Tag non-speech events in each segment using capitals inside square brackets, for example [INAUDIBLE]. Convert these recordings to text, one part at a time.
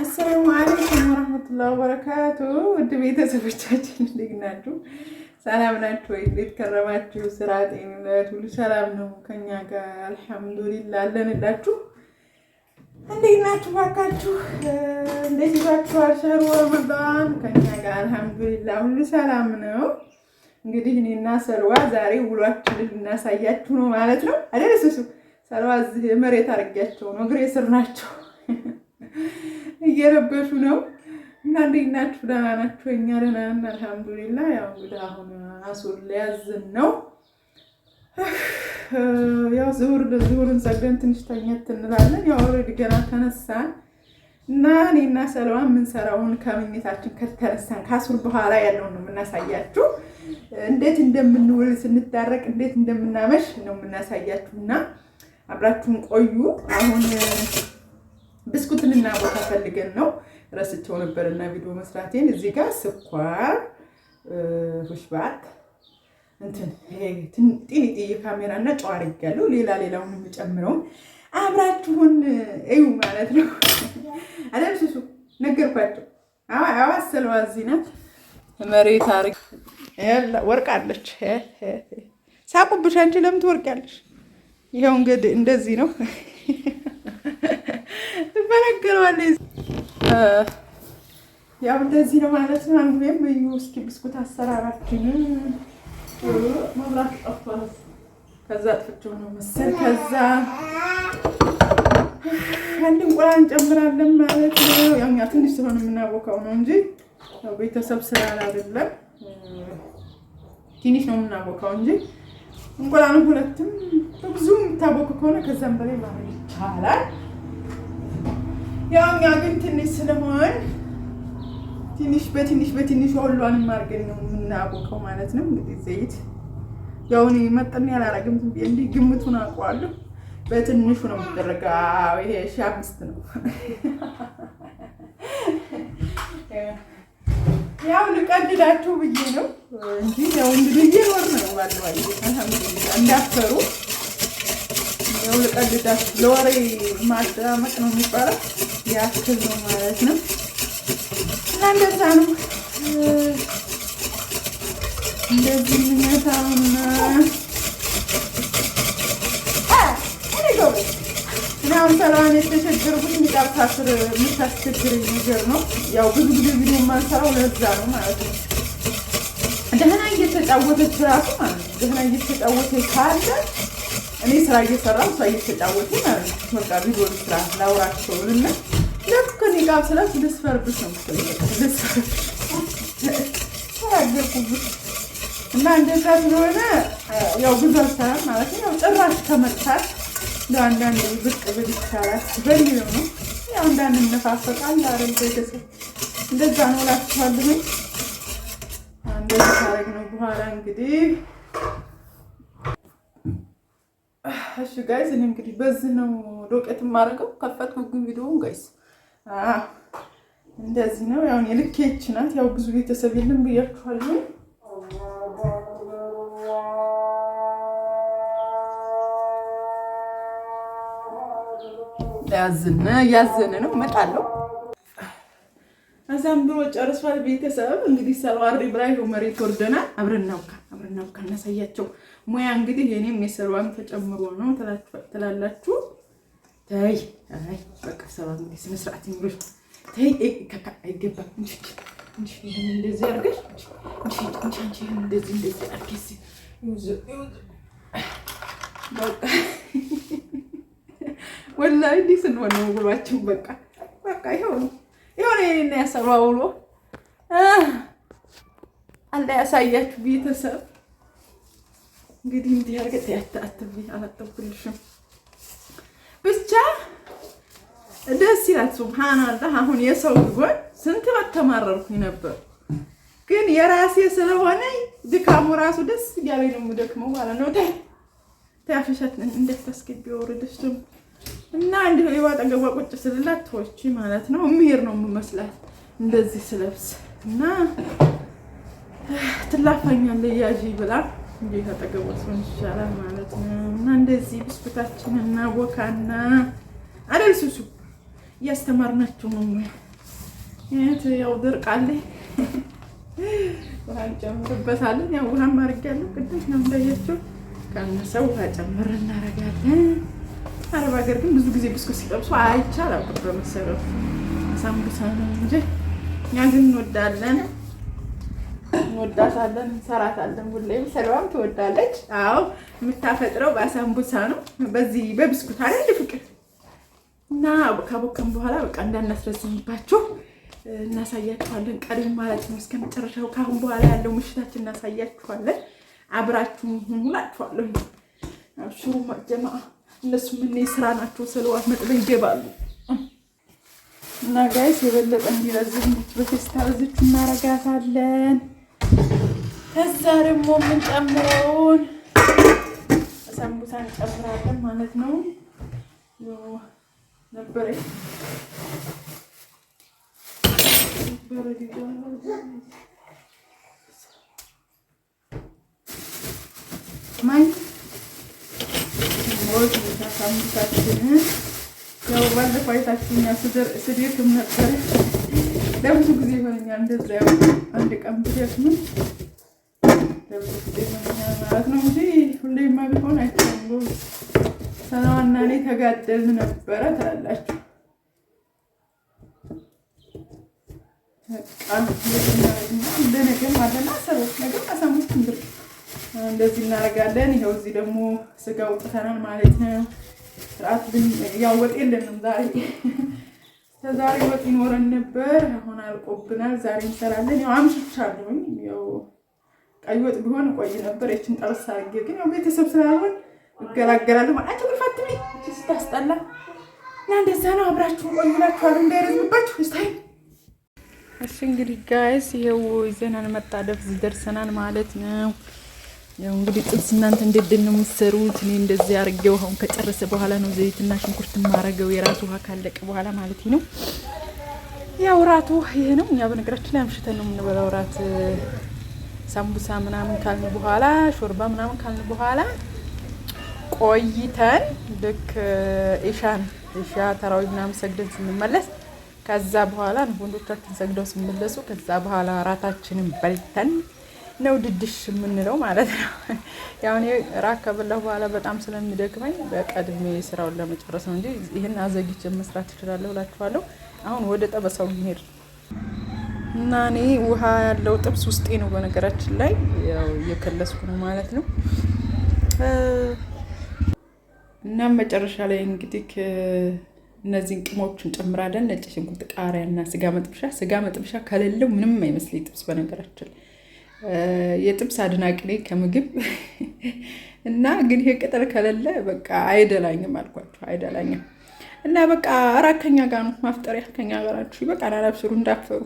አሰላሙ አለይኩም ወረህመቱላሂ ወበረካቱ። ውድ ቤተሰቦቻችን እንዴት ናችሁ? ሰላም ናችሁ ወይ? እንዴት ከረማችሁ? ስራ፣ ጤንነት ሁሉ ሰላም ነው? ከኛ ጋር አልሐምዱሊላህ አለንላችሁ። እንዴት ናችሁ? ባካችሁ እንዴት ይዟችኋል? ሸሩ ረመዳን ከኛ ጋር አልሐምዱሊላህ ሁሉ ሰላም ነው። እንግዲህ እኔና ሰልዋ ዛሬ ውሏችንን እናሳያችሁ ነው ማለት ነው አይደል? እሱ ሰርባዝ መሬት አድርጊያቸው ነው። እግሬ ስር ናቸው፣ እየረበሹ ነው። እና እንዴት ናችሁ? ደህና ናችሁ? እኛ ደህና ነን፣ አልሐምዱሊላ። ያው እንግዲህ አሁን አሱር ሊያዝን ነው። ያው ዝሁር ዝሁርን ሰገን ትንሽ ተኘት እንላለን። ያው ኦልሬዲ ገና ተነሳን እና እኔና ሰለዋን የምንሰራውን ከመኝታችን ከተነሳን ከአሱር በኋላ ያለውን ነው የምናሳያችሁ። እንዴት እንደምንውል ስንታረቅ፣ እንዴት እንደምናመሽ ነው የምናሳያችሁ እና አብራችሁን ቆዩ። አሁን ብስኩት ልና ቦታ ፈልገን ነው ረስቸው ነበር እና ቪዲዮ መስራቴን። እዚህ ጋር ስኳር ሁሽባት እንትን ጢኒጢ ካሜራ እና ጨው አድርጊያለሁ። ሌላ ሌላውን የምጨምረውን አብራችሁን እዩ ማለት ነው። አደምስሱ ነገርኳቸው። አዋሰለዋ እዚህ ናት መሬት ወርቅ አለች። ሳቁብሽ አንቺ ለምን ትወርቅ ያለሽ? ይኸው እንግዲህ እንደዚህ ነው እመነግረዋለሁ። ያው እንደዚህ ነው ማለት ነው። አንዱ ወይም እዩ እስኪ ብስኩት አሰራራችን መብራት ከዛ ነው መሰል ከዛ አንድ እንቁላል እንጨምራለን ማለት ነው። ያው እኛ ትንሽ ስለሆነ የምናቦካው ነው እንጂ ያው ቤተሰብ ስላል አይደለም ትንሽ ነው የምናቦካው እንጂ እንቁላሉ ሁለትም በብዙ የምታቦክ ከሆነ ከዛም በላይ ማድረግ ይቻላል። ያው እኛ ግን ትንሽ ስለሆን ትንሽ በትንሽ በትንሽ ሁሏንም አድርገን ነው የምናቦቀው ማለት ነው። እንግዲህ ዘይት ያው መጠን ያላረግም እንዲህ ግምቱን አውቀዋለሁ። በትንሹ ነው የሚደረገው። ይሄ ሺህ አምስት ነው። ያው ልቀልዳችሁ ብዬ ነው እንጂ ያው እንግዲህ እየኖር ነው ባለው አልሐምዱሊላህ እንዳፈሩ ያው ልቀልዳችሁ ለወሬ ማዳመቅ ነው የሚባለው ያክል ነው ማለት ነው። እና እንደዛ ነው እንደዚህ ምነታውና ያው ሰላም የተቸገርኩት የሚጣብታስር የምታስቸግር ነገር ነው። ያው ብዙ ጊዜ ቪዲዮ የማንሰራው ለዛ ነው ማለት ነው። ደህና እየተጫወተች ራሱ ማለት ነው። ደህና እየተጫወተች ካለ እኔ ስራ እየሰራ እሷ እየተጫወተ ማለት ነው። በቃ ቪዲዮ ስራ ላውራቸውንና ለክ ከኔጋ ስላት ልስፈርብሽ ነው ተናገርኩብሽ እና እንደዛ ስለሆነ ያው ብዙ አልሰራም ማለት ነው። ያው ጭራሽ ለአንዳንድ ብቅ ብል ይቻላል በሚለው ነው። ያው እንዳንነፋፈቃል አረብ ቤተሰብ እንደዛ ነው እላችኋለሁኝ። እንደዚህ ታረግ ነው በኋላ እንግዲህ እሺ ጋይዝ እኔ እንግዲህ በዚህ ነው ዶቄት የማደርገው። ከፈትኩ ግን ቪዲዮውን ጋይዝ እንደዚህ ነው። ያው ልኬች ናት። ያው ብዙ ቤተሰብ የለም ብያችኋለሁ። ያዝን ያዘን ነው እመጣለሁ። እዛም ብሎ ጨርሷል። ቤተሰብ እንግዲህ ሰልዋር ብላ መሬት ወርደናል። አብረን እናውቃ አብረን እናውቃ እናሳያቸው ሙያ እንግዲህ የኔም የሰልዋም ተጨምሮ ነው ትላላችሁ። ተይ አይ በቃ ሰባ እንግዲህ ስነ ስርዓት ይኑር። ተይ ከካ አይገባም እንጂ እንጂ እንደዚህ አርገሽ እንጂ እንጂ እንጂ እንደዚህ እንደዚህ አርገሽ አድርገሽ በቃ ወላሂ እንዲህ ስንሆን ነው ውሏችን። በቃ በቃ ይኸው ነው ይኸው ነው ውሎ። አላህ ያሳያችሁ ቤተሰብ። እንግዲህ እንዲህ አድርገህ ያታትብ አላጠብኩልሽም ብቻ ደስ ይላል። ሱብሃንአላህ አሁን የሰው ጎን ስንት በተማረርኩኝ ነበር፣ ግን የራሴ ስለሆነ ድካሙ ራሱ ደስ እያለኝ ነው የምደክመው ማለት ነው። ታይ ታፍሸት እንደታስገቢ ደግሞ እና አንድ ህይወት የባጠገቧ ቁጭ ስልላት ቶች ማለት ነው ምሄር ነው የምመስላት እንደዚህ ስለብስ እና ትላፋኛለህ ያዥ ብላ እንዴ አጠገቧ ሲሆን ይሻላል ማለት ነው። እና እንደዚህ እና ወካና አይደል ሱሱ እያስተማርናችሁ ነው። ይህት ያው ድርቃለ ውሃ እንጨምርበታለን። ያው ውሃ ማድርጊያለሁ ቅድም ነው እንዳያቸው ካነሰው ውሃ ጨምር እናደርጋለን። አረብ ሀገር ግን ብዙ ጊዜ ብስኩት ሲጠብሱ አይቻል አቁ በመሰረቱ ሳምቡሳ ነው እንጂ እኛ ግን እንወዳለን፣ እንወዳታለን፣ እንሰራታለን። ሁሌም ሰለዋም ትወዳለች። አዎ የምታፈጥረው በሳምቡሳ ነው፣ በዚህ በብስኩት አይደል ፍቅር እና ካቦከም በኋላ በቃ እንዳናስረዝምባችሁ እናሳያችኋለን። ቀሪም ማለት ነው እስከ መጨረሻው ከአሁን በኋላ ያለው ምሽታችን እናሳያችኋለን። አብራችሁ ሁን ሽሩ ጀማ እነሱ ምን ስራ ናቸው ሰለዋት መጥበ ይገባሉ። እና ጋይስ የበለጠ እንዲረዝም በፌስታ ዝች እናረጋታለን። ከዛ ደግሞ የምንጨምረውን ሰንቡሳ እንጨምራለን ማለት ነው። ነበረ ማይ ሰዎች ታሳሙታችን ያው ባለፈው አይታችሁኛል። ስዴትም ነበር ለብዙ ጊዜ ይሆነኛል እንደዛ አንድ ቀን ብደክም ለብዙ ጊዜ ይሆነኛል ማለት ነው እንጂ ሁሌማ ቢሆን አይታወም። ሰናዋና እኔ ተጋደልን ነበረ ትላላችሁ። በቃ እንደነገ ማለና ሰበት ነገር አሳሙት እንድር እንደዚህ እናደርጋለን። ይኸው እዚህ ደግሞ ስጋ ውጥተናል ማለት ነው። ስርዓት ያው ወጥ የለንም ዛሬ። ከዛሬ ወጥ ይኖረን ነበር፣ አሁን አልቆብናል። ዛሬ እንሰራለን። ያው አምሽቻለሁኝ። ያው ቀይ ወጥ ቢሆን ቆይ ነበር። ይችን ጠበስ አድርጌ ግን ያው ቤተሰብ ስላልሆን እገላገላለሁ። አንቺ ጉልፋት ነኝ ስታስጠላ እና እንደዛ ነው። አብራችሁ ቆይ እንዳይረዝምባችሁ ስታይ እሺ እንግዲህ ጋይስ ይኸው ይዘናል መጣደፍ ደርሰናል ማለት ነው። ያው እንግዲህ ጥብስ እናንተ እንዴት ነው የምትሰሩት? እኔ እንደዚህ አድርጌው አሁን ከጨረሰ በኋላ ነው ዘይትና ሽንኩርት ማረገው የራሱ ውሃ ካለቀ በኋላ ማለት ነው። ያው ራቱ ይሄ ነው። እኛ በነገራችን ላይ አምሽተን ነው የምንበላው ራት። ሳምቡሳ ምናምን ካልን በኋላ ሾርባ ምናምን ካልን በኋላ ቆይተን ልክ ኢሻን ኢሻ ተራዊ ምናምን ሰግደን ስንመለስ ከዛ በኋላ ነው ወንዶቻችን ሰግደው ስንመለሱ ከዛ በኋላ ራታችንን በልተን ነው ድድሽ የምንለው ማለት ነው። ያው እኔ ራክ ከበላሁ በኋላ በጣም ስለሚደክመኝ በቀድሜ ስራውን ለመጨረስ ነው እንጂ ይህን አዘግቼ መስራት እችላለሁ እላችኋለሁ። አሁን ወደ ጠበሳው ይሄድ እና እኔ ውሃ ያለው ጥብስ ውስጤ ነው። በነገራችን ላይ ያው እየከለስኩ ነው ማለት ነው። እና መጨረሻ ላይ እንግዲህ እነዚህን ቅሞቹን ጨምራለን። ነጭ ሽንኩርት፣ ቃሪያ እና ስጋ መጥብሻ። ስጋ መጥብሻ ከሌለው ምንም አይመስለኝ ጥብስ በነገራችን የጥብስ አድናቂ ነኝ ከምግብ [LAUGHS] እና ግን ይሄ ቅጠል ከሌለ በቃ አይደላኝም፣ አልኳችሁ አይደላኝም። እና በቃ አራት ከኛ ጋር ነው ማፍጠሪያ ከኛ ጋር ናችሁ። በቃ ናላብስሩ እንዳፈሩ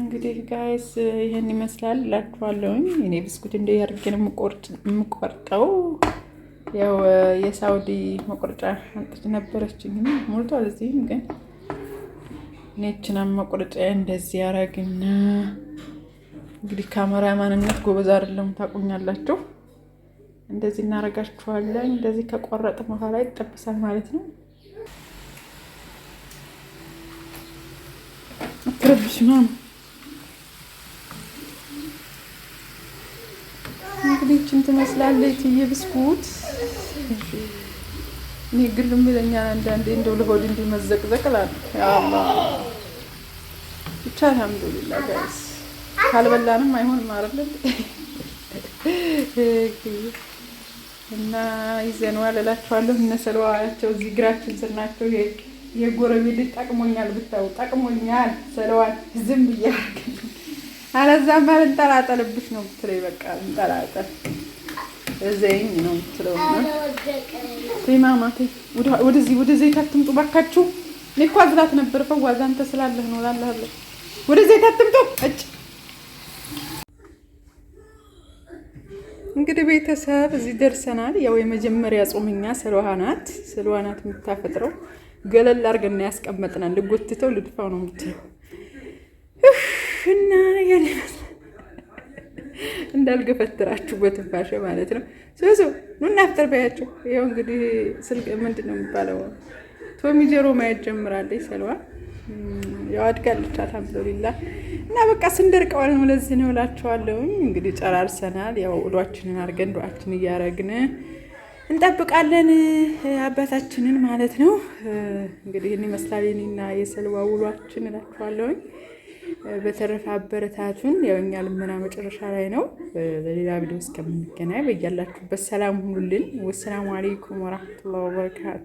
እንግዲህ ጋይስ ይህን ይመስላል እላችኋለሁኝ። እኔ ብስኩት እንደ ያርጌን የምቆርጠው ያው የሳውዲ መቁረጫ አንጥጭ ነበረችኝ። ሞልቷል እዚህም ግን ነችናም መቁረጫ እንደዚህ ያረግና እንግዲህ ካሜራ ማንነት ጎበዝ አይደለም ታቁኛላችሁ። እንደዚህ እናረጋችኋለን። እንደዚህ ከቆረጥ በኋላ ይጠበሳል ማለት ነው። አትረብሽ ነው እንግዲህ ይህችን ትመስላለች። ይህ ብስኩት እኔ ግልም ይለኛል አንዳንዴ እንደው ለሆድ እንዲመዘቅዘቅ ላል ብቻ አልሐምዱሊላ ጋይስ ካልበላንም አይሆንም አይደል እና ይዘነዋል እላችኋለሁ። እነሰለዋያቸው እዚህ እግራችን ስናቸው የጎረቤት ልጅ ጠቅሞኛል ብታው ጠቅሞኛል ስለዋል ዝም ብያለሁ። አለዛማ ልንጠላጠልብሽ ነው ብትለኝ በቃ እንጠላጠል እዘኝ ነው ብትለው ማማቴ ወደዚህ ወደዚህ ታትምጡ ባካችሁ። እኔ እኮ አዝላት ነበር ፈዋዛ አንተ ስላለህ ነው ላለህ ወደ ዘይት ታትምቶ እጭ እንግዲህ ቤተሰብ እዚህ ደርሰናል። ያው የመጀመሪያ ጾምኛ ስልዋ ናት። ስልዋ ናት የምታፈጥረው ገለል አድርገን ያስቀመጥናል። ልጎትተው ልድፋው ነው የምትለው እና እንዳልገፈትራችሁ በትንፋሽ ማለት ነው። ሶሶ ኑና አፍጥር በያቸው። ይኸው እንግዲህ ስልክ ምንድን ነው የሚባለው ቶሚ ጆሮ ማየት ጀምራለች ሰልዋ። ያው አድጋለች አልሐምዱሊላህ። እና በቃ ስንደርቀዋል ነው ለዚህ ነው እላቸዋለሁ። እንግዲህ ጨራርሰናል። ያው ውሏችንን አድርገን ዱዓችን እያረግን እንጠብቃለን አባታችንን ማለት ነው። እንግዲህ ይህን ይመስላል የእኔና የሰልዋ ውሏችን እላቸዋለሁኝ። በተረፈ አበረታቱን። ያው እኛ ልመና መጨረሻ ላይ ነው። በሌላ ቪዲዮ እስከምንገናኝ በያላችሁበት ሰላም ሁኑልን። ወሰላሙ አሌይኩም ወራህመቱላሂ ወበረካቱ